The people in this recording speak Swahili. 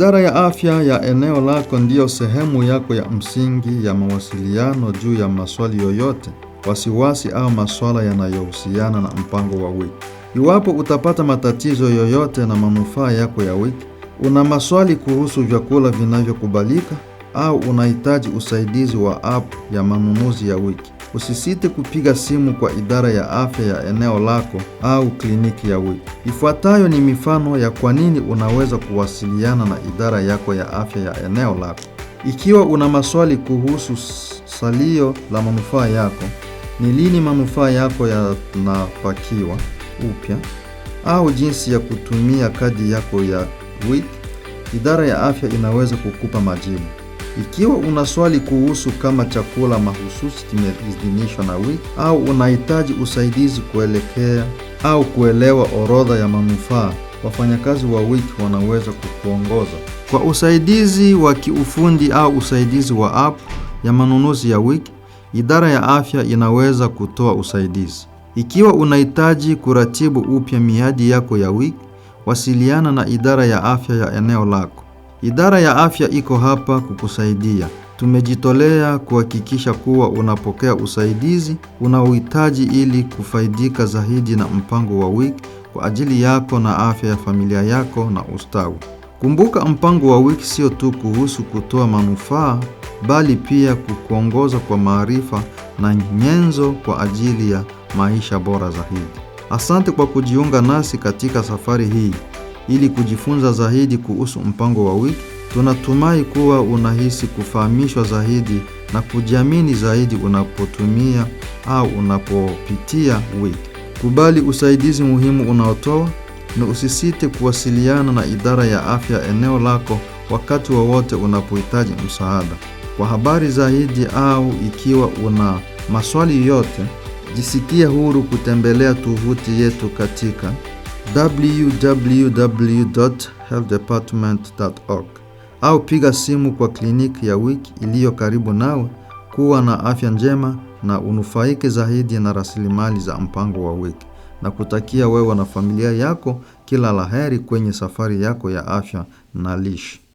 Idara ya afya ya eneo lako ndiyo sehemu yako ya msingi ya mawasiliano juu ya maswali yoyote, wasiwasi au maswala yanayohusiana na mpango wa wiki. Iwapo utapata matatizo yoyote na manufaa yako ya wiki, una maswali kuhusu vyakula vinavyokubalika au unahitaji usaidizi wa app ya manunuzi ya wiki, Usisite kupiga simu kwa idara ya afya ya eneo lako au kliniki ya wiki. Ifuatayo ni mifano ya kwa nini unaweza kuwasiliana na idara yako ya afya ya eneo lako. Ikiwa una maswali kuhusu salio la manufaa yako, ni lini manufaa yako yanapakiwa upya, au jinsi ya kutumia kadi yako ya WIC, idara ya afya inaweza kukupa majibu. Ikiwa una swali kuhusu kama chakula mahususi kimeidhinishwa na WIC au unahitaji usaidizi kuelekea au kuelewa orodha ya manufaa, wafanyakazi wa WIC wanaweza kukuongoza. Kwa usaidizi wa kiufundi au usaidizi wa app ya manunuzi ya WIC, idara ya afya inaweza kutoa usaidizi. Ikiwa unahitaji kuratibu upya miadi yako ya WIC, wasiliana na idara ya afya ya eneo lako. Idara ya afya iko hapa kukusaidia. Tumejitolea kuhakikisha kuwa unapokea usaidizi unaohitaji ili kufaidika zaidi na mpango wa WIC kwa ajili yako na afya ya familia yako na ustawi. Kumbuka, mpango wa WIC sio tu kuhusu kutoa manufaa, bali pia kukuongoza kwa maarifa na nyenzo kwa ajili ya maisha bora zaidi. Asante kwa kujiunga nasi katika safari hii ili kujifunza zaidi kuhusu mpango wa wiki. Tunatumai kuwa unahisi kufahamishwa zaidi na kujiamini zaidi unapotumia au unapopitia wiki. Kubali usaidizi muhimu unaotoa na usisite kuwasiliana na idara ya afya eneo lako wakati wowote wa unapohitaji msaada. Kwa habari zaidi au ikiwa una maswali yote, jisikie huru kutembelea tovuti yetu katika www.healthdepartment.org au piga simu kwa kliniki ya wiki iliyo karibu nawe. Kuwa na afya njema na unufaike zaidi na rasilimali za mpango wa wiki, na kutakia wewe na familia yako kila laheri kwenye safari yako ya afya na lishe.